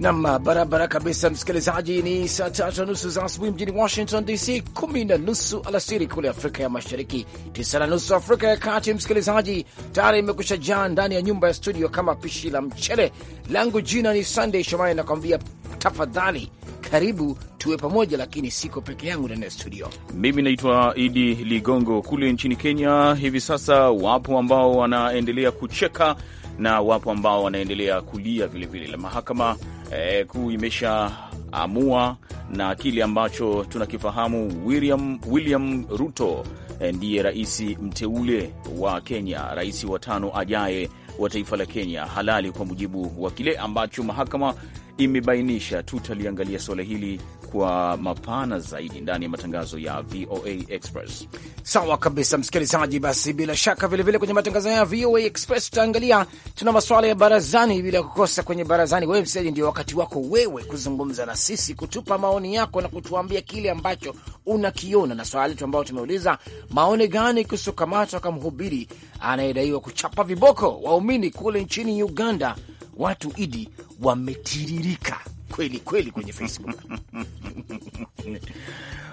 Nam, barabara kabisa, msikilizaji. Ni saa tatu na nusu za asubuhi mjini Washington DC, kumi na nusu alasiri kule Afrika ya Mashariki, tisa na nusu Afrika ya Kati. Msikilizaji, tayari imekusha jaa ndani ya nyumba ya studio kama pishi la mchele langu. Jina ni Sunday Shomari, nakwambia tafadhali karibu tuwe pamoja, lakini siko peke yangu ndani ya studio. Mimi naitwa Idi Ligongo. Kule nchini Kenya hivi sasa wapo ambao wanaendelea kucheka na wapo ambao wanaendelea kulia vilevile. La mahakama e, kuu imeshaamua na kile ambacho tunakifahamu William, William Ruto eh, ndiye rais mteule wa Kenya, rais wa tano ajaye wa taifa la Kenya halali, kwa mujibu wa kile ambacho mahakama imebainisha. Tutaliangalia suala hili kwa mapana zaidi ndani ya matangazo ya VOA Express. Sawa kabisa, msikilizaji. Basi bila shaka vilevile vile kwenye matangazo ya VOA Express tutaangalia, tuna masuala ya barazani bila kukosa. Kwenye barazani, wewe msikilizaji, ndio wakati wako wewe kuzungumza na sisi, kutupa maoni yako na kutuambia kile ambacho unakiona, na swala letu ambayo tumeuliza, maoni gani kuhusu kamatwa kwa mhubiri anayedaiwa kuchapa viboko waumini kule nchini Uganda. Watu idi wametiririka kweli kweli kwenye Facebook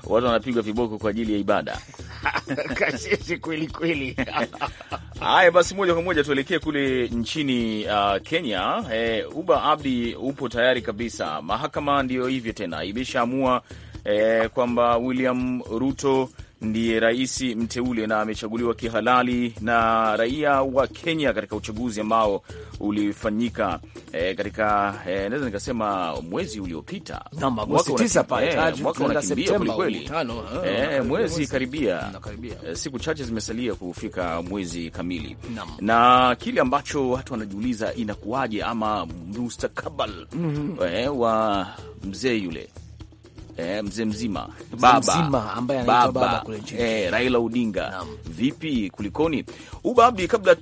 watu wanapigwa viboko kwa ajili ya ibada kasisi kweli kweli. Haya basi, moja kwa moja tuelekee kule nchini uh, Kenya. Eh, Uba Abdi, upo tayari kabisa? Mahakama ndiyo hivyo tena imeshaamua eh, kwamba William Ruto ndiye rais mteule na amechaguliwa kihalali na raia wa Kenya katika uchaguzi ambao ulifanyika e, katika e, naweza nikasema mwezi uliopita mwaka ah, eh, mwezi karibia, siku chache zimesalia kufika mwezi kamili Nam. na kile ambacho watu wanajiuliza inakuwaje ama mustakabal mm -hmm. e, wa mzee yule eh, mzee mzima baba, mzima ambaye anaitwa baba kule nchini eh, Raila Odinga Naam. Vipi, kulikoni ubabi? Kabla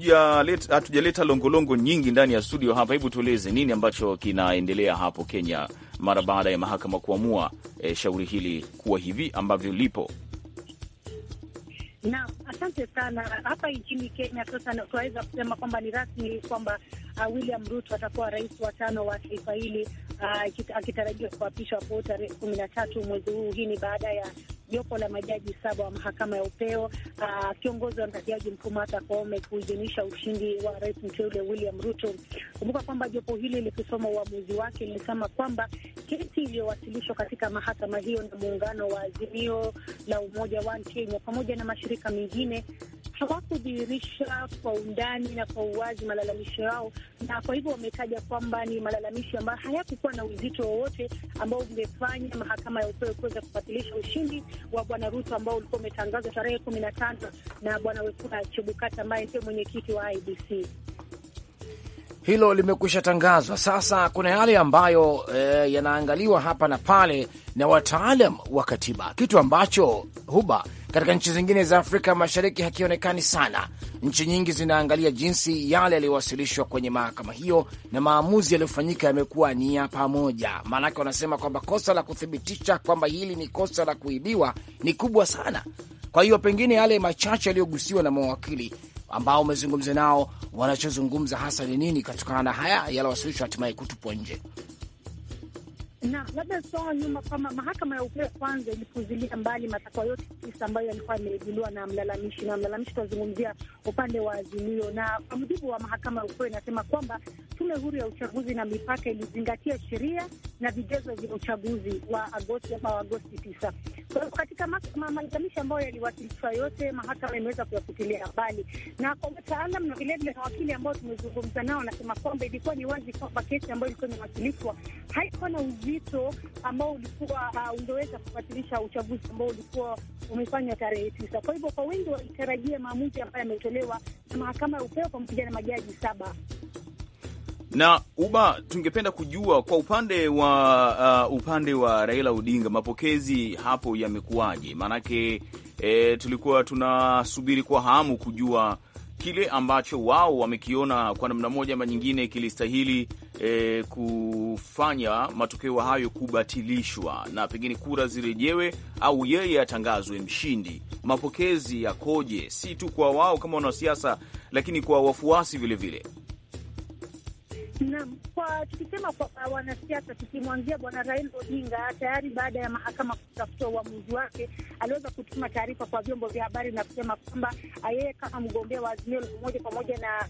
hatujaleta longolongo nyingi ndani ya studio hapa, hebu tueleze nini ambacho kinaendelea hapo Kenya mara baada ya mahakama kuamua eh, shauri hili kuwa hivi ambavyo lipo nam asante sana. Hapa nchini Kenya sasa tunaweza kusema kwamba ni rasmi kwamba uh, William Ruto atakuwa rais wa tano wa taifa hili uh, akitarajiwa uh, kuapishwa hapo tarehe kumi na tatu mwezi huu. Hii ni baada ya jopo la majaji saba wa mahakama ya upeo akiongozi ah, wa na jaji mkuu Martha Koome kuidhinisha ushindi wa rais mteule William Ruto. Kumbuka kwamba jopo hili likisoma uamuzi wake lilisema kwamba kesi iliyowasilishwa katika mahakama hiyo na muungano wa Azimio la Umoja wa Kenya pamoja na mashirika mengine hawakudhihirisha kwa undani na kwa uwazi malalamisho yao, na kwa hivyo wametaja kwamba ni malalamisho ambayo hayakukuwa na uzito wowote ambao ungefanya mahakama ya upeo kuweza kufatilisha ushindi wa Bwana Ruto ambao ulikuwa umetangazwa tarehe kumi na tano na Bwana Wekula Chebukati ambaye ndio mwenyekiti wa IBC. Hilo limekwisha tangazwa. Sasa kuna yale ambayo e, yanaangaliwa hapa na pale na wataalam wa katiba, kitu ambacho huba katika nchi zingine za Afrika Mashariki hakionekani sana. Nchi nyingi zinaangalia jinsi yale yaliyowasilishwa kwenye mahakama hiyo na maamuzi yaliyofanyika yamekuwa ni ya pamoja. Maanake wanasema kwamba kosa la kuthibitisha kwamba hili ni kosa la kuibiwa ni kubwa sana. Kwa hiyo pengine yale machache yaliyogusiwa na mawakili ambao umezungumza nao, wanachozungumza hasa ni nini, kutokana na haya yalawasilishwa hatimaye kutupwa nje na labda sasa nyuma kwamba mahakama ya upeo kwanza ilipuzilia mbali matakwa yote tisa ambayo yalikuwa yamejibuliwa na mlalamishi, na mlalamishi tunazungumzia upande wa azimio. Na kwa mujibu wa mahakama ya upeo inasema kwamba tume huru ya uchaguzi na mipaka ilizingatia sheria na vigezo vya uchaguzi wa Agosti ama Agosti tisa. Kwa hiyo katika malalamishi ambayo yaliwasilishwa yote, mahakama imeweza kuyafutilia mbali, na kwa wataalam na vilevile na wakili ambao tumezungumza nao, anasema kwamba ilikuwa ni wazi kwamba kesi ambayo ilikuwa imewasilishwa haikuwa na uzi wito ambao ulikuwa uh, ungeweza kubatilisha uchaguzi ambao ulikuwa umefanywa tarehe tisa. Kwa hivyo kwa wengi walitarajia maamuzi ambayo yametolewa na mahakama ya upeo pamoja na majaji saba na uba tungependa kujua kwa upande wa uh, upande wa Raila Odinga mapokezi hapo yamekuwaje? Maanake e, tulikuwa tunasubiri kwa hamu kujua kile ambacho wao wamekiona kwa namna moja ama nyingine kilistahili e, kufanya matokeo hayo kubatilishwa na pengine kura zirejewe au yeye atangazwe mshindi. Mapokezi yakoje, si tu kwa wao kama wanasiasa, lakini kwa wafuasi vilevile vile. Naam, kwa tukisema kwa wanasiasa, tukimwanzia bwana Raila Odinga, tayari baada ya mahakama kutafuta uamuzi wake, aliweza kutuma taarifa kwa vyombo vya habari na kusema kwamba ah, yeye kama mgombea wa Azimio la Umoja pamoja na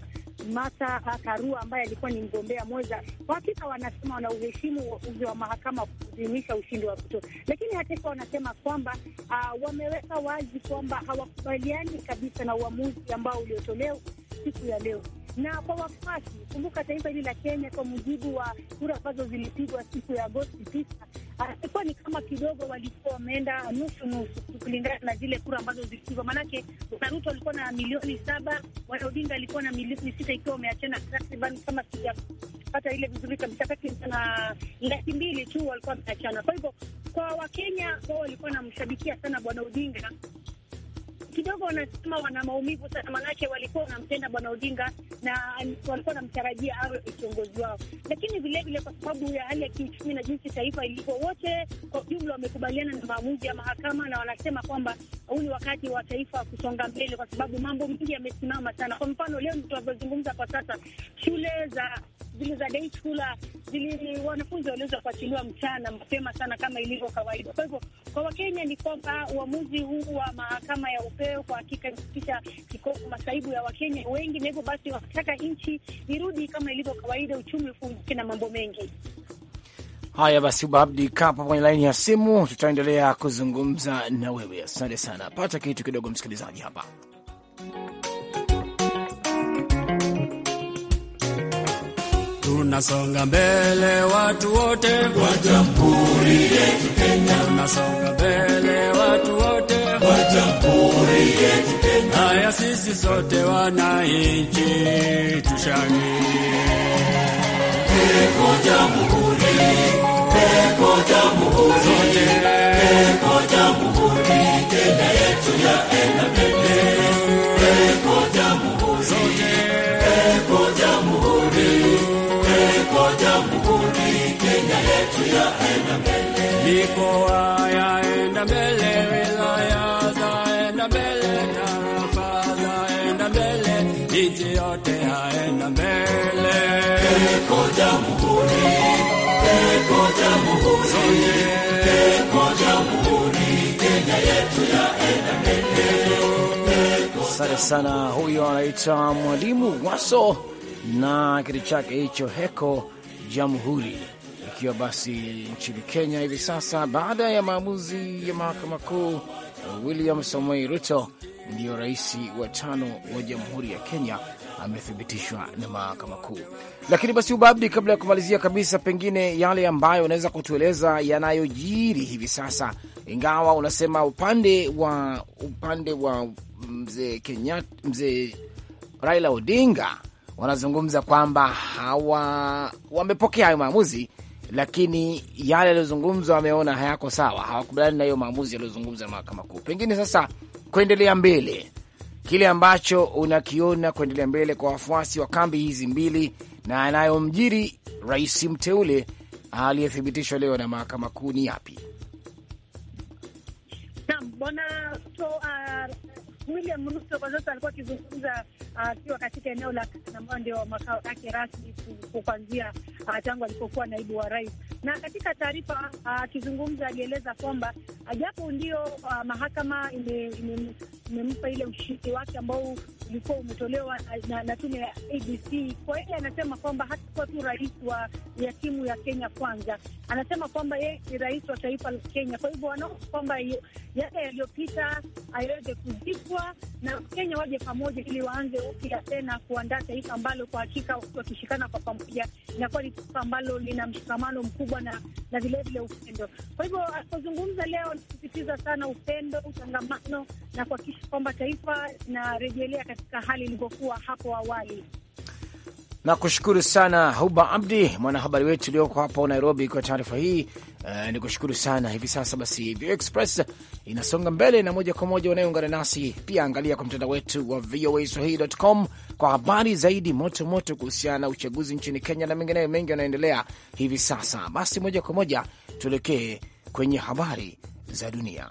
Martha Karua ambaye alikuwa ni mgombea mwenza, kwa hakika wanasema uheshimu uamuzi wa mahakama kuzimisha ushindi wa Ruto, lakini hata hivyo wanasema kwamba uh, wameweka wazi kwamba hawakubaliani kabisa na uamuzi ambao uliotolewa siku ya leo na kwa wafuasi. Kumbuka taifa hili la Kenya, kwa mujibu wa kura ambazo zilipigwa siku ya Agosti tisa, ah, ilikuwa ni kama kidogo walikuwa wameenda nusu nusu kulingana na zile kura ambazo zilipigwa. Maanake Ruto alikuwa na milioni saba, bwana Odinga alikuwa na milioni sita, ikiwa wameachana takriban kama sijapata ile vizuri kabisa, kati na laki mbili tu walikuwa wameachana. Kwa hivyo kwa Wakenya wao walikuwa wanamshabikia sana bwana Odinga kidogo wanasema wana maumivu sana, manake walikuwa wanampenda Bwana Odinga na walikuwa wanamtarajia awe kiongozi wao, lakini vilevile kwa sababu ya hali ya kiuchumi na jinsi taifa ilivyo, wote kwa ujumla wamekubaliana na maamuzi ya mahakama na wanasema kwamba huu ni wakati wa taifa kusonga mbele, kwa sababu mambo mengi yamesimama sana. Kwa mfano leo tunavyozungumza kwa sasa, shule za zile za day schooler ah, zili wanafunzi waliweza kuachiliwa mchana mapema sana kama ilivyo kawaida. Kwa hivyo kwa Wakenya ni kwamba uamuzi huu wa mahakama ya upeo kwa hakika imefikisha kikomo masaibu ya Wakenya wengi, na hivyo basi wanataka nchi irudi kama ilivyo kawaida, uchumi ufunguke na mambo mengi haya. Basi Abdi Kapo kwenye laini ya simu, tutaendelea kuzungumza na wewe. Asante sana, pata kitu kidogo msikilizaji hapa tunasonga mbele watu wote kwa jamhuri yetu Kenya, tunasonga mbele watu wote kwa jamhuri yetu Kenya. Haya, sisi sote wananchi tushangilie, kwa jamhuri, peko jamhuri, peko jamhuri, Kenya yetu yaenda mbele. mikoa Asante sana. Huyo anaitwa Mwalimu Waso na kitu chake hicho heko jamhuri ikiwa basi nchini Kenya hivi sasa, baada ya maamuzi ya mahakama kuu, William Samoei Ruto ndiyo rais wa tano wa jamhuri ya Kenya, amethibitishwa na mahakama kuu. Lakini basi, Ubabdi, kabla ya kumalizia kabisa, pengine yale ambayo unaweza kutueleza yanayojiri hivi sasa, ingawa unasema upande wa upande wa mzee Kenyatta, mzee Raila Odinga wanazungumza kwamba hawa wamepokea hayo maamuzi lakini yale yaliyozungumzwa wameona hayako sawa, hawakubaliani na hiyo maamuzi yaliyozungumza na mahakama kuu. Pengine sasa kuendelea mbele, kile ambacho unakiona kuendelea mbele kwa wafuasi wa kambi hizi mbili na anayomjiri rais mteule aliyethibitishwa leo na mahakama kuu ni yapi? Naam bwana, so, uh, William Ruto kwa sasa alikuwa akizungumza ah, akiwa uh, katika eneo la ambayo ndio makao yake rasmi kuanzia uh, tangu alipokuwa naibu wa rais. Na katika taarifa ah, akizungumza uh, alieleza kwamba japo ndio uh, mahakama imempa ile ushindi wake ambao ulikuwa umetolewa na, na tume ya ABC. Kwa hiyo anasema kwamba hatakuwa tu rais wa ya timu ya Kenya Kwanza, anasema kwamba yeye ni rais wa taifa la Kenya. Kwa hivyo wanaona kwamba yale yaliyopita aweze kuzipu Mnangagwa na Kenya waje pamoja ili waanze upya tena kuandaa taifa ambalo kwa hakika wakishikana kwa pamoja inakuwa ni taifa ambalo lina mshikamano mkubwa na na vilevile upendo. Kwa hivyo alipozungumza leo alisisitiza sana upendo, utangamano na kuhakikisha kwamba taifa inarejelea katika hali ilivyokuwa hapo awali. Nakushukuru sana Huba Abdi, mwanahabari wetu ulioko hapo Nairobi, kwa taarifa hii. Uh, ni kushukuru sana. Hivi sasa basi VOA Express inasonga mbele na moja kwa moja. Unayeungana nasi pia angalia kwa mtandao wetu wa VOA Swahili.com kwa habari zaidi moto moto kuhusiana na uchaguzi nchini Kenya na mengineyo mengi yanaendelea hivi sasa. Basi moja kwa moja tuelekee kwenye habari za dunia.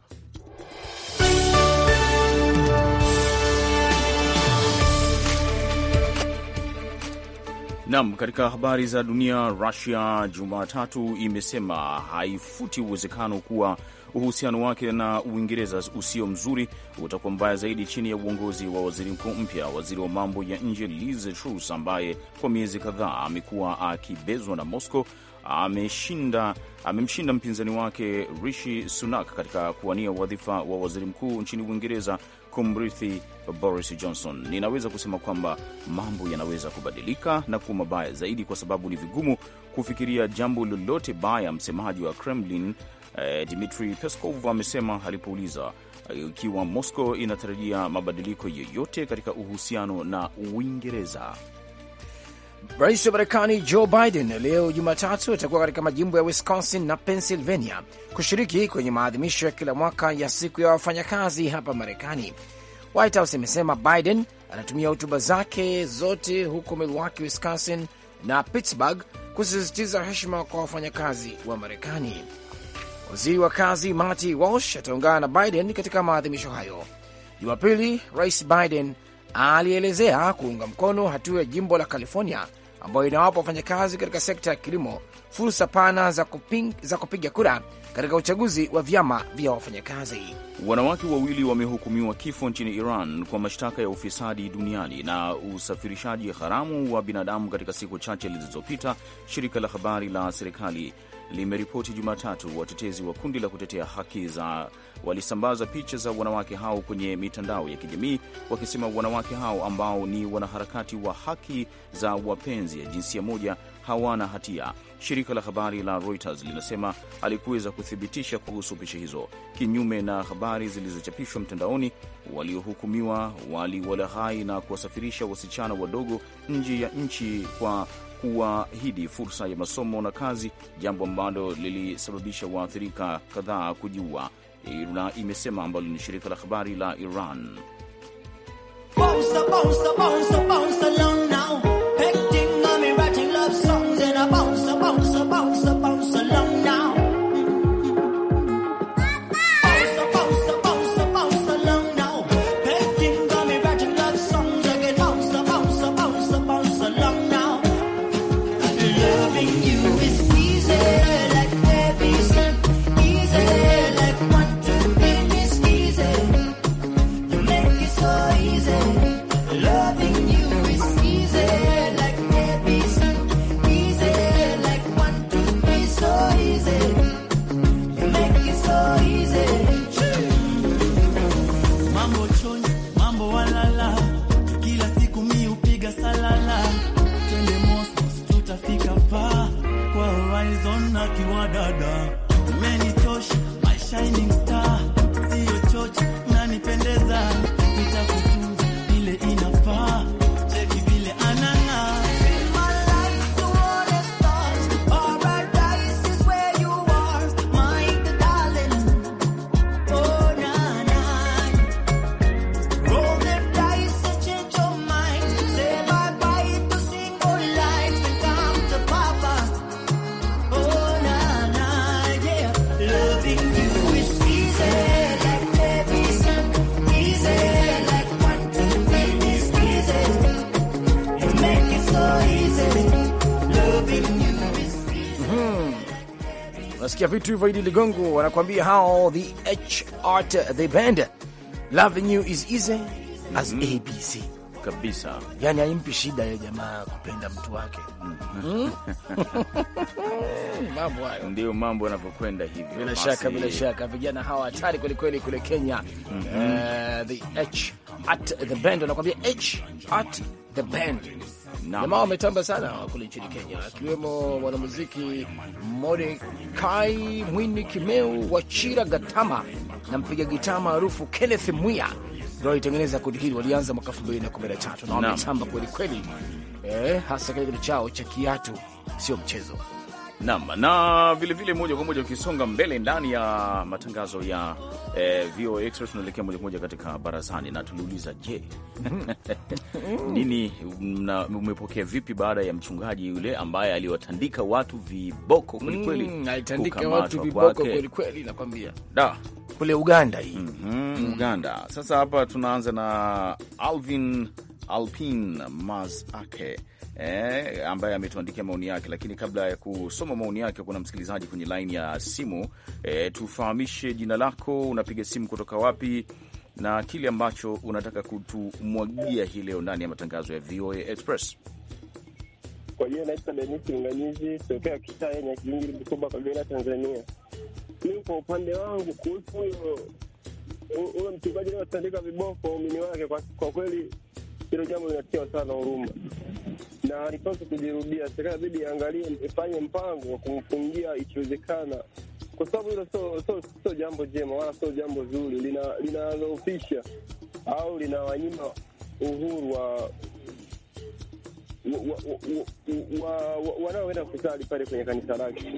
Nam, katika habari za dunia, Rusia Jumatatu imesema haifuti uwezekano kuwa uhusiano wake na Uingereza usio mzuri utakuwa mbaya zaidi chini ya uongozi wa waziri mkuu mpya, waziri wa mambo ya nje Liz Truss, ambaye kwa miezi kadhaa amekuwa akibezwa na Moscow, ameshinda amemshinda mpinzani wake Rishi Sunak katika kuwania wadhifa wa waziri mkuu nchini Uingereza kumrithi Boris Johnson. Ninaweza kusema kwamba mambo yanaweza kubadilika na kuwa mabaya zaidi, kwa sababu ni vigumu kufikiria jambo lolote baya, msemaji wa Kremlin eh, Dmitri Peskov amesema alipouliza eh, ikiwa Moscow inatarajia mabadiliko yoyote katika uhusiano na Uingereza. Rais wa Marekani Joe Biden leo Jumatatu atakuwa katika majimbo ya Wisconsin na Pennsylvania kushiriki kwenye maadhimisho ya kila mwaka ya siku ya wafanyakazi hapa Marekani. White House imesema Biden anatumia hotuba zake zote huko Milwaukee, Wisconsin na Pittsburgh kusisitiza heshima kwa wafanyakazi wa Marekani. Waziri wa kazi Marty Walsh ataungana na Biden katika maadhimisho hayo Jumapili. Rais Biden alielezea kuunga mkono hatua ya jimbo la California ambayo inawapa wafanyakazi katika sekta ya kilimo fursa pana za, za kupiga kura katika uchaguzi wa vyama vya wafanyakazi. Wanawake wawili wamehukumiwa kifo nchini Iran kwa mashtaka ya ufisadi duniani na usafirishaji haramu wa binadamu katika siku chache zilizopita, shirika la habari la serikali limeripoti Jumatatu watetezi wa kundi la kutetea haki za walisambaza picha za wanawake hao kwenye mitandao ya kijamii wakisema wanawake hao ambao ni wanaharakati wa haki za wapenzi ya jinsia moja hawana hatia. Shirika la habari la Reuters linasema alikuweza kuthibitisha kuhusu picha hizo. Kinyume na habari zilizochapishwa mtandaoni, waliohukumiwa waliwalaghai na kuwasafirisha wasichana wadogo nje ya nchi kwa kuwaahidi fursa ya masomo na kazi, jambo ambalo lilisababisha waathirika kadhaa kujiua, IRNA imesema, ambalo ni shirika la habari la Iran. Unasikia vitu hivyo, Idi Ligongo wanakuambia hao the H Art the band loving you is easy as mm -hmm. ABC kabisa, yani alimpi shida ya jamaa kupenda mtu wake mm -hmm. mambo hayo ndio mambo yanavyokwenda hivyo, bila shaka, bila shaka vijana hawa hatari kwelikweli kule Kenya mm -hmm. uh, the H at the band wanakuambia H at the band Jamaa wametamba sana kule nchini Kenya, akiwemo mwanamuziki Modekai Mwini Kimeu wa Chira Gatama na mpiga gitaa maarufu Kenneth Mwia ndio walitengeneza kundi hili. Walianza mwaka 2013 na wametamba kweli kweli, eh, hasa kile kitu chao cha kiatu sio mchezo. Naam, na vilevile moja kwa moja ukisonga mbele ndani ya matangazo ya eh, VOA Express tunaelekea moja kwa moja katika barazani, na tuliuliza je, mm-hmm. nini umepokea vipi baada ya mchungaji yule ambaye aliwatandika watu viboko kwelikweli, mm, kwelikweli, nakwambia da kule Uganda hii mm -hmm, mm. Uganda. Sasa hapa tunaanza na Alvin Alpin Mas Ake eh, ambaye ametuandikia maoni yake. Lakini kabla ya kusoma maoni yake, kuna msikilizaji kwenye laini ya simu eh, tufahamishe jina lako, unapiga simu kutoka wapi na kile ambacho unataka kutumwagia hii leo ndani ya matangazo ya VOA Express. Kwa hiyo naitwa Denisi Mganyizi tokea Kitaya Nyakijingi, Bukoba, Kagera, Tanzania. Mimi kwa upande wangu kuhusu huyo mchungaji aliyotandika viboko waumini wake, kwa kweli hilo jambo linatia sana huruma na halipaswi kujirudia. Serikali inabidi iangalie, ifanye mpango wa kumfungia ikiwezekana, kwa sababu hilo sio so, so jambo jema wala sio jambo zuri, linadhoofisha lina au linawanyima uhuru wa wanaoenda wa, wa, wa, wa, kusali pale kwenye kanisa lake.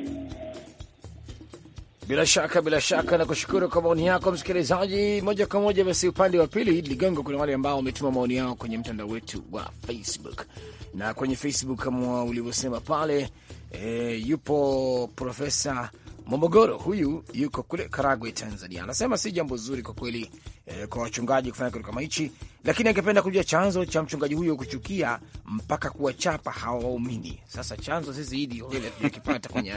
Bila shaka bila shaka, na kushukuru kwa maoni yako msikilizaji. Moja kwa moja basi, upande wa pili ligongo, kuna wale ambao wametuma maoni yao kwenye mtandao wetu wa Facebook, na kwenye Facebook kama ulivyosema pale e, yupo Profesa Momogoro, huyu yuko kule Karagwe, Tanzania, anasema si jambo zuri kwa kweli e, kwa wachungaji kufanya kitu kama hichi lakini angependa kujua chanzo cha mchungaji huyo kuchukia mpaka kuwachapa hawa waumini. Sasa chanzo sisi hidi ile tunakipata kwenye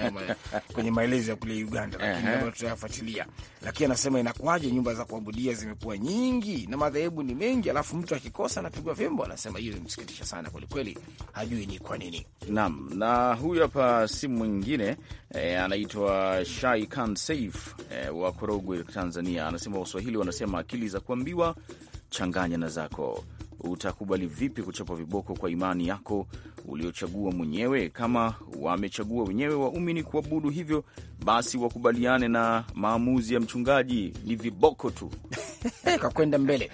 kwenye maelezo ya kule Uganda, lakini uh -huh. tutayafuatilia. Lakini anasema inakuwaje nyumba za kuabudia zimekuwa nyingi na madhehebu ni mengi, alafu mtu akikosa anapigwa vyombo. Anasema hiyo imsikitisha sana kwelikweli, hajui ni kwa nini. Naam, na huyu hapa simu mwingine e, anaitwa Shai Khan Saif eh, wa Korogwe, Tanzania. Anasema Waswahili wanasema akili za kuambiwa changanya na zako. Utakubali vipi kuchapwa viboko kwa imani yako uliochagua mwenyewe? Kama wamechagua wenyewe waumini kuabudu hivyo, basi wakubaliane na maamuzi ya mchungaji, ni viboko tu kakwenda mbele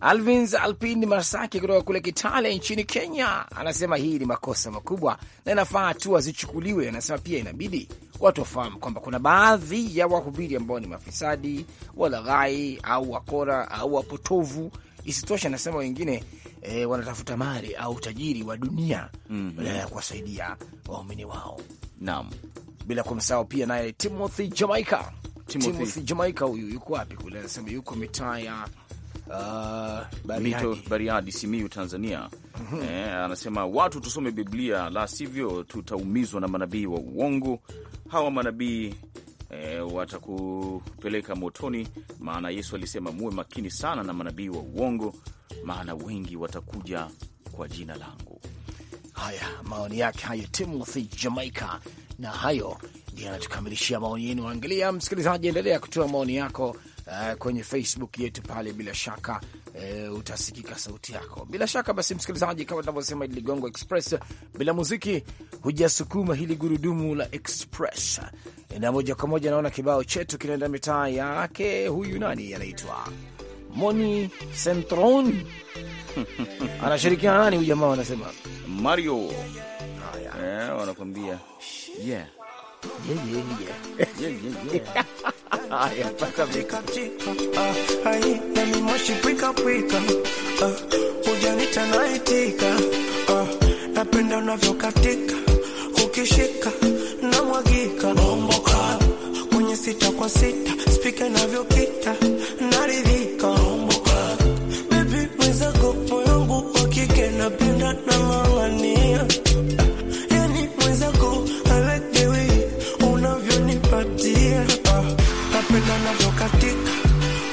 Alvins Alpin Marsaki kutoka kule Kitale nchini Kenya anasema hii ni makosa makubwa na inafaa hatua zichukuliwe. Anasema pia inabidi watu wafahamu kwamba kuna baadhi ya wahubiri ambao ni mafisadi, walaghai au wakora au wapotovu. Isitoshe anasema wengine e, wanatafuta mali au utajiri wa dunia mm -hmm. ya kuwasaidia waumini wao naam, bila kumsahau pia naye Timothy Jamaica Timothy. Timothy Jamaica huyu yuko wapi kule? Anasema yuko mitaa ya uh, Mito Bariadi, simiu Tanzania. mm -hmm. Eh, anasema watu tusome Biblia, la sivyo tutaumizwa na manabii wa uongo hawa manabii eh, watakupeleka motoni. Maana Yesu alisema muwe makini sana na manabii wa uongo, maana wengi watakuja kwa jina langu. Haya, maoni yake hayo Timothy Jamaica, na hayo ndi yanatukamilishia maoni yenu. Angalia msikilizaji, endelea kutoa maoni yako uh, kwenye Facebook yetu pale, bila shaka uh, utasikika sauti yako bila shaka. Basi msikilizaji, kama tunavyosema ili Ligongo Express, bila muziki hujasukuma hili gurudumu la Express. Eh, na moja kwa moja naona kibao chetu kinaenda mitaa yake. Huyu nani anaitwa Moni Centron anashirikiana nani huyu jamaa, wanasema Mario. Haya, eh, wanakwambia yeah yeah, yeah, yeah. napenda unavyokatika ukishika na mwagika bomboka kwenye sita kwa sita spika inavyokita naridhika bomboka bebi mwenzako moyo wangu wa kike napenda na mama unavyokatika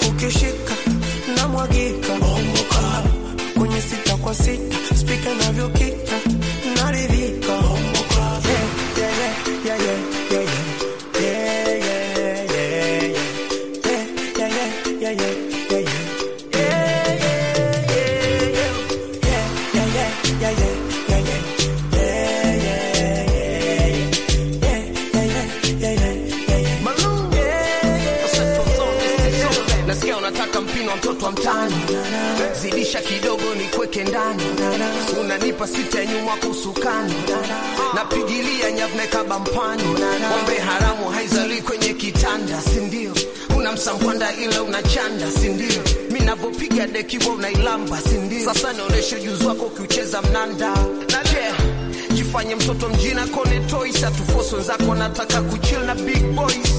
ukishika na mwagika, bomboka kwenye sita kwa sita, spika inavyokita nasikia unataka mpino mtoto wa mtani, zidisha kidogo ni kweke ndani, unanipa sita ya nyuma kusukani, napigilia nyavne kaba mpani, haramu haizalii kwenye kitanda, sindio? una msambwanda ila unachanda, sindio? minavyopiga deki wa unailamba, sindio? Sasa naonesha ujuzi wako ukiucheza mnanda naje jifanye mtoto mjina kone toys, atufoso wenzako, nataka kuchil na big boys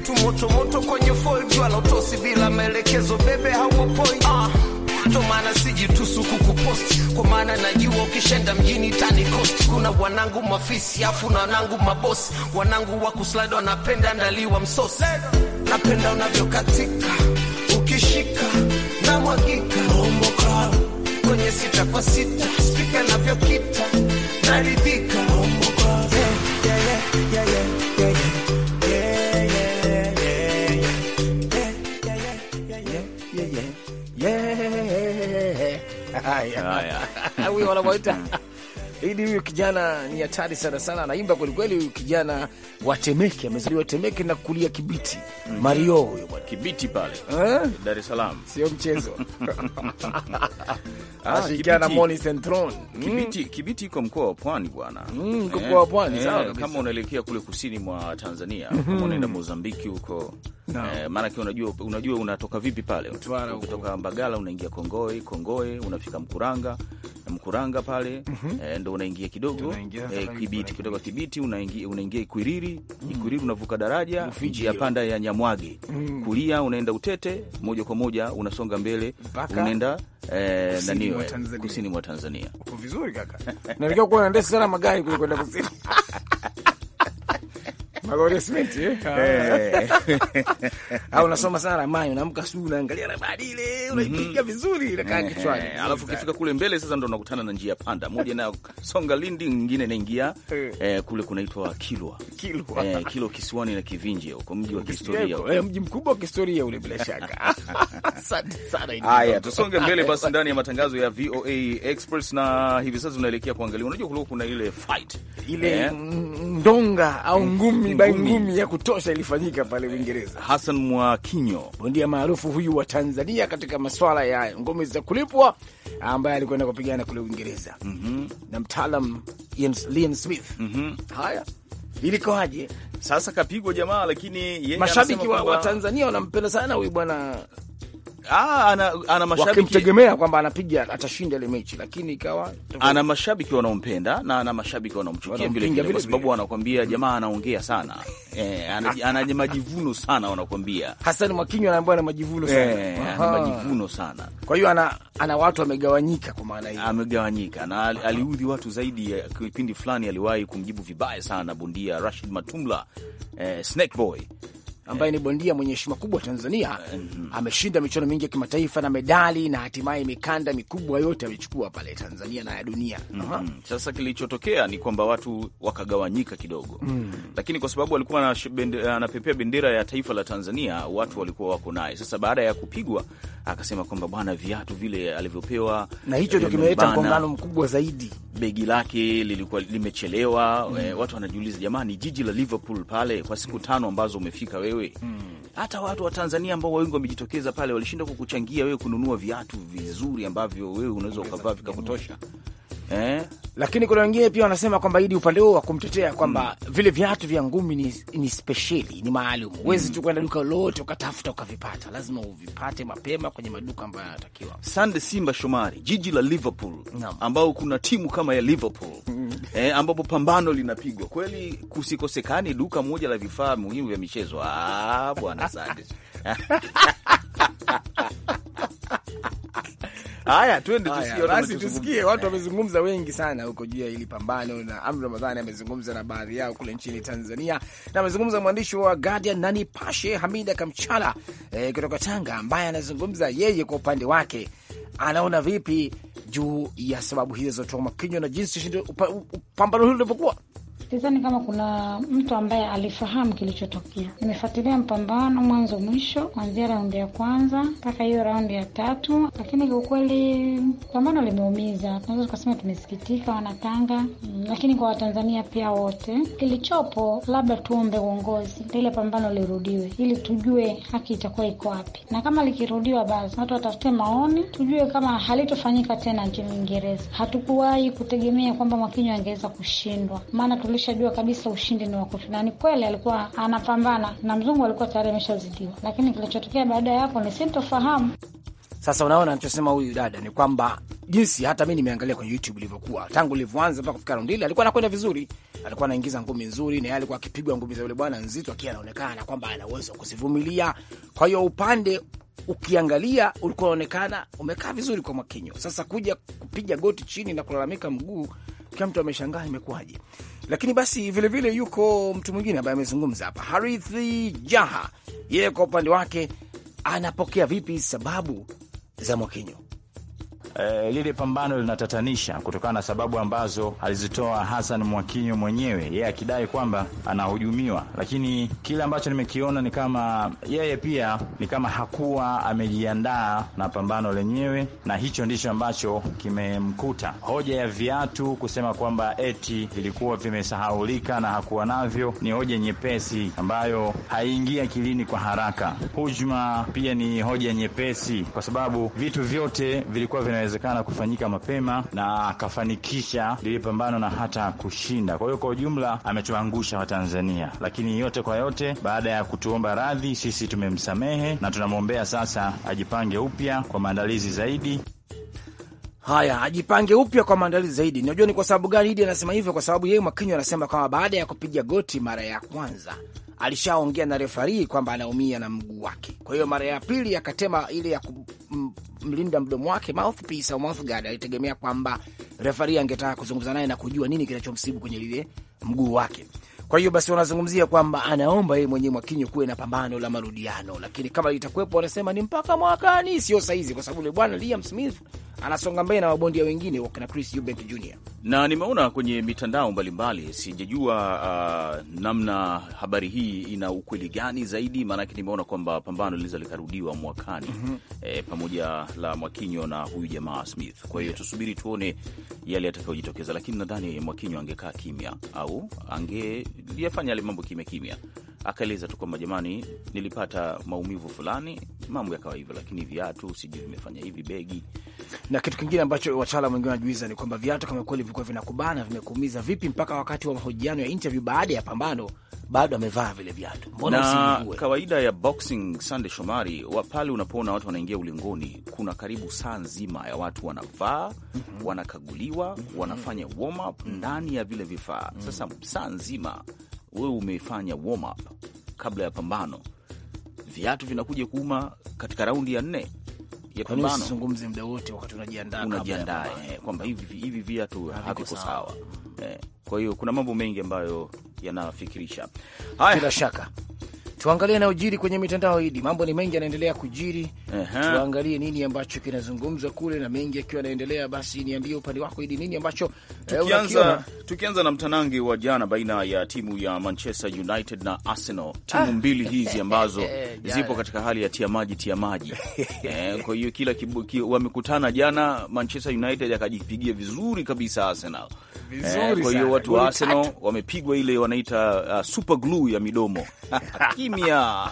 vitu moto moto kwenye foil jua la utosi bila maelekezo, bebe hawa point ah. Ndo maana sijitusu kukuposti kwa maana najua ukishenda mjini tani cost. Kuna wanangu mafisi afu na wanangu mabosi, wanangu wa kuslide wanapenda ndaliwa msosi, napenda unavyokatika ukishika na mwagika omoka kwenye sita kwa sita spika navyokita naridhika omoka hey, eh, yeah, yeah. la die. ili huyu kijana ni hatari sana sana, anaimba kwelikweli. Huyu kijana wa Temeke, amezaliwa Temeke na kulia Kibiti. mm. Mario huyo bwana Kibiti pale eh? Dar es Salaam, sio mchezo ah, ashirikiana Moni Centron. Kibiti mm. Kibiti iko mkoa wa Pwani bwana, mm, mkoa eh, wa Pwani. Eh, sawa, kama unaelekea kule kusini mwa Tanzania, mhm. kama unaenda Mozambiki huko No. Eh, maanake unajua, unajua unatoka vipi pale kutoka Mbagala unaingia Kongoe, Kongoe unafika Mkuranga, Mkuranga pale mm -hmm. eh, ndo unaingia kidogo eh, Kibiti, kutoka Kibiti unaingia unaingia Ikwiriri mm. Ikwiriri unavuka daraja njia panda ya Nyamwage mm. Kulia unaenda Utete, moja kwa moja unasonga mbele Baka. unaenda eh, kusini, mwa kusini mwa Tanzania. vizuri kaka, sana magari kwenda kusini Magorement eh. Ah. eh. Au unasoma sana ramani, unaamka asubuhi unaangalia ramani ile, unaipiga mhm. vizuri inakaa eh, kichwani. Eh, alafu ukifika kule mbele sasa ndo unakutana na njia panda. Moja na songa Lindi, nyingine inaingia eh, kule kunaitwa Kilwa. Kilwa. Eh, Kilwa Kisiwani na Kivinje huko mji wa kihistoria. mji mkubwa wa kihistoria ule bila shaka. Asante sana. Haya, tusonge mbele basi ndani ya matangazo ya VOA Express na hivi sasa tunaelekea kuangalia. Unajua kule kuna ile fight. Ile ndonga au ngumi ngumi, ngumi ya kutosha ilifanyika pale Uingereza. Hassan Mwakinyo bondia maarufu huyu wa Tanzania katika maswala ya ngome za kulipwa, ambaye alikwenda kupigana kule Uingereza mm -hmm. na mtaalam Liam Smith mm -hmm. haya Ilikoaje sasa? Kapigwa jamaa, lakini yeye mashabiki wa, wa Tanzania wanampenda sana huyu bwana Ah, ana, ana mashabiki wakimtegemea kwamba anapiga atashinda ile mechi, lakini ikawa ana mashabiki wanaompenda na ana mashabiki wanaomchukia vile vile, kwa sababu wanakwambia jamaa anaongea sana eh, ana ah. majivuno sana, wanakwambia Hassan Mwakinyo anaambia ana majivuno sana eh, ana majivuno sana. Kwa hiyo ana, ana watu amegawanyika, kwa maana hiyo amegawanyika, na aliudhi watu zaidi. Kipindi fulani aliwahi kumjibu vibaya sana bondia Rashid Matumla eh, Snake Boy ambaye ni bondia mwenye heshima kubwa Tanzania. mm -hmm. Ameshinda michuano mingi ya kimataifa na medali na hatimaye mikanda mikubwa yote amechukua pale Tanzania na ya dunia. mm -hmm. Sasa kilichotokea ni kwamba watu wakagawanyika kidogo. mm -hmm. Lakini kwa sababu alikuwa eh, anapepea bendera ya taifa la Tanzania, watu walikuwa wako naye. Sasa baada ya kupigwa, akasema kwamba bwana, viatu vile alivyopewa, na hicho ndio eh, kimeleta mgongano mkubwa zaidi. Begi lake lilikuwa limechelewa. Eh, mm -hmm. Watu wanajiuliza, jamani, jiji la Liverpool pale kwa siku tano ambazo umefika wewe wewe mm. Hata watu wa Tanzania ambao wengi wamejitokeza pale walishinda kukuchangia wewe kununua viatu vizuri ambavyo wewe unaweza ukavaa vikakutosha. Eh, lakini kuna wengine pia wanasema kwamba idi upande huo wa kumtetea kwamba mm. vile viatu vya ngumi ni, ni spesheli ni maalum, huwezi mm. tu kwenda duka lolote ukatafuta ukavipata, lazima uvipate mapema kwenye maduka ambayo yanatakiwa. Sande Simba Shomari, jiji la Liverpool ambao kuna timu kama ya Liverpool mm. eh, ambapo pambano linapigwa kweli, kusikosekani duka moja la vifaa muhimu vya michezo. Ah, bwana Sande Haya, twende tusikie, basi tusikie watu wamezungumza wengi sana huko juu ya hili pambano, na Amri Ramadhani amezungumza na baadhi yao kule nchini Tanzania, na amezungumza mwandishi wa Guardian nani pashe Hamida Kamchala eh, kutoka Tanga, ambaye anazungumza yeye kwa upande wake anaona vipi juu ya sababu hizo zotoa makinywa na jinsi pambano hilo lilivyokuwa sidhani kama kuna mtu ambaye alifahamu kilichotokea. Nimefuatilia mpambano mwanzo mwisho, kuanzia raundi ya kwanza mpaka hiyo raundi ya tatu, lakini kwa ukweli pambano limeumiza, tunaweza tukasema tumesikitika Wanatanga, lakini kwa Watanzania pia wote. Kilichopo labda tuombe uongozi lile pambano lirudiwe, ili tujue haki itakuwa iko wapi, na kama likirudiwa, basi watu watafute maoni, tujue kama halitofanyika tena nchini Uingereza. Hatukuwahi kutegemea kwamba Mwakinyo angeweza kushindwa, maana tuli tulishajua kabisa ushindi ni wa kwetu, na ni kweli alikuwa anapambana na mzungu, alikuwa tayari ameshazidiwa, lakini kilichotokea baada ya hapo ni sintofahamu. Sasa unaona anachosema huyu dada ni kwamba jinsi hata mi nimeangalia kwenye YouTube ilivyokuwa tangu ilivyoanza mpaka kufika raundi ile, alikuwa anakwenda vizuri, alikuwa anaingiza ngumi nzuri, na yeye alikuwa akipigwa ngumi za yule bwana nzito, akiwa anaonekana kwamba ana uwezo wa kuzivumilia. Kwa hiyo upande ukiangalia ulikuwa unaonekana umekaa vizuri kwa Mwakinyo. Sasa kuja kupiga goti chini na kulalamika mguu kila mtu ameshangaa imekuwaje. Lakini basi vilevile vile yuko mtu mwingine ambaye amezungumza hapa, Harith Jaha, yeye kwa upande wake anapokea vipi sababu za Mwakinyo? eh, lile pambano linatatanisha kutokana na sababu ambazo alizitoa Hassan Mwakinyo mwenyewe, yeye akidai kwamba anahujumiwa, lakini kile ambacho nimekiona ni kama yeye pia ni kama hakuwa amejiandaa na pambano lenyewe, na hicho ndicho ambacho kimemkuta. Hoja ya viatu kusema kwamba eti vilikuwa vimesahaulika na hakuwa navyo ni hoja nyepesi ambayo haiingia kilini kwa haraka. Hujuma pia ni hoja nyepesi, kwa sababu vitu vyote vilikuwa vinaweza inawezekana kufanyika mapema na akafanikisha lile pambano na hata kushinda. Kwa hiyo kwa ujumla ametuangusha Watanzania, lakini yote kwa yote, baada ya kutuomba radhi, sisi tumemsamehe na tunamwombea sasa ajipange upya kwa maandalizi zaidi. Haya, ajipange upya kwa maandalizi zaidi. Najua ni kwa sababu gani Idi anasema hivyo, kwa sababu yeye Mwakinyo anasema kwamba baada ya kupiga goti mara ya kwanza alishaongea na refari kwamba anaumia na mguu wake. Kwa hiyo mara ya pili akatema ile ya kumlinda mdomo wake mouthpiece au mouth guard, alitegemea kwamba refari angetaka kuzungumza naye na kujua nini kinachomsibu kwenye lile mguu wake. Kwa hiyo basi wanazungumzia kwamba anaomba yeye mwenyewe Mwakinyo kuwe na pambano la marudiano, lakini kama litakuwepo wanasema ni mpaka mwakani, sio saizi, kwa sababu yule bwana Liam Smith anasonga mbele na wabondia wengine wakina Chris Eubank Jr. Na nimeona kwenye mitandao mbalimbali, sijajua uh, namna habari hii ina ukweli gani zaidi, maanake nimeona kwamba pambano linaweza likarudiwa mwakani mm -hmm. eh, pamoja la Mwakinyo na huyu jamaa Smith. Kwa hiyo yeah. tusubiri tuone yale yatakayojitokeza, lakini nadhani Mwakinyo angekaa kimya au angeyafanya yale mambo kimya kimya, akaeleza tu kwamba jamani, nilipata maumivu fulani, mambo yakawa hivyo, lakini viatu sijui vimefanya hivi, begi na kitu kingine ambacho wataalamu wengine wanajuiza ni kwamba viatu kama kweli vilikuwa vinakubana, vimekuumiza vipi mpaka wakati wa mahojiano ya interview baada ya pambano bado amevaa vile viatu? Mbona usingue? Kawaida ya boxing, Sande Shomari, pale unapoona watu wanaingia ulingoni, kuna karibu saa nzima ya watu wanavaa, mm -hmm. wanakaguliwa, mm -hmm. wanafanya warm up mhm. ndani ya vile vifaa. mm -hmm. Sasa saa nzima wewe umefanya warm up kabla ya pambano, viatu vinakuja kuuma katika raundi ya nne ya mda muda wote wakati unajiandaa, unajiandaa eh, kwamba hivi hivi viatu haviko sawa. Eh, kwa hiyo kuna mambo mengi ambayo yanafikirisha haya, bila shaka tuangalie yanayojiri kwenye mitandao hidi. Mambo ni mengi yanaendelea kujiri. -huh. Tuangalie nini ambacho kinazungumzwa kule na mengi yakiwa yanaendelea. Basi niambie upande wako hidi, nini ambacho eh, tukianza, eh, tukianza na mtanangi wa jana baina ya timu ya Manchester United na Arsenal, timu ah, mbili hizi ambazo eh, zipo katika hali ya tia maji tia maji eh, kwa hiyo kila wamekutana jana, Manchester United akajipigia vizuri kabisa Arsenal eh, kwa hiyo watu wa Arsenal wamepigwa ile wanaita uh, super glue ya midomo kimya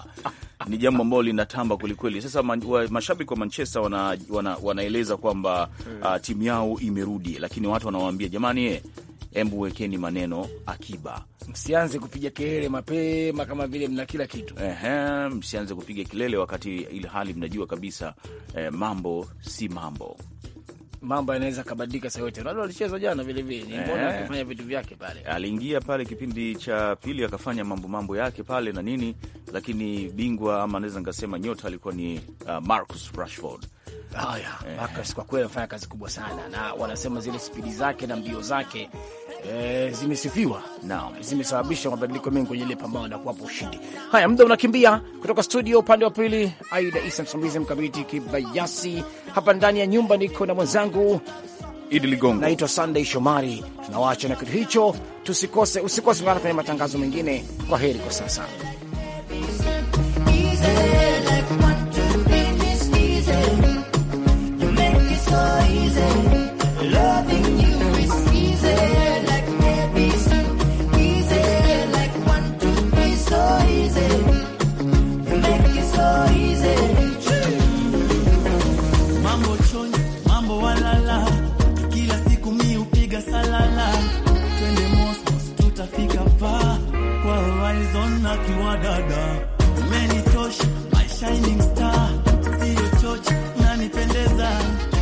ni jambo ambalo linatamba kwelikweli. Sasa man, wa, mashabiki wa Manchester wana, wana, wanaeleza kwamba uh, timu yao imerudi, lakini watu wanawaambia jamani, ye, embu wekeni maneno akiba, msianze kupiga kelele eh. mapema kama vile mna kila kitu. Ehe, msianze kupiga kelele wakati ili hali mnajua kabisa eh, mambo si mambo mambo yanaweza kabadilika saa yote. Ronaldo alicheza jana vile vile, nimeona eh. akifanya vitu vyake pale, aliingia pale kipindi cha pili akafanya mambo mambo yake pale na nini, lakini bingwa ama naweza nikasema nyota alikuwa ni uh, Marcus Rashford. Haya, eh. Marcus kwa kweli anafanya kazi kubwa sana, na wanasema zile spidi zake na mbio zake e, zimesifiwa na zimesababisha mabadiliko mengi kwenye ile pambano na kuwapa ushindi. Haya, muda unakimbia kutoka studio upande wa pili, Aida Isa msimamizi mkabiti Kibayasi. Hapa ndani ya nyumba niko na mwenzangu Idi Ligongo, naitwa Sunday Shomari. Tunawaacha na kitu hicho, tusikose usikose kwenye matangazo mengine. Kwa heri kwa sasa.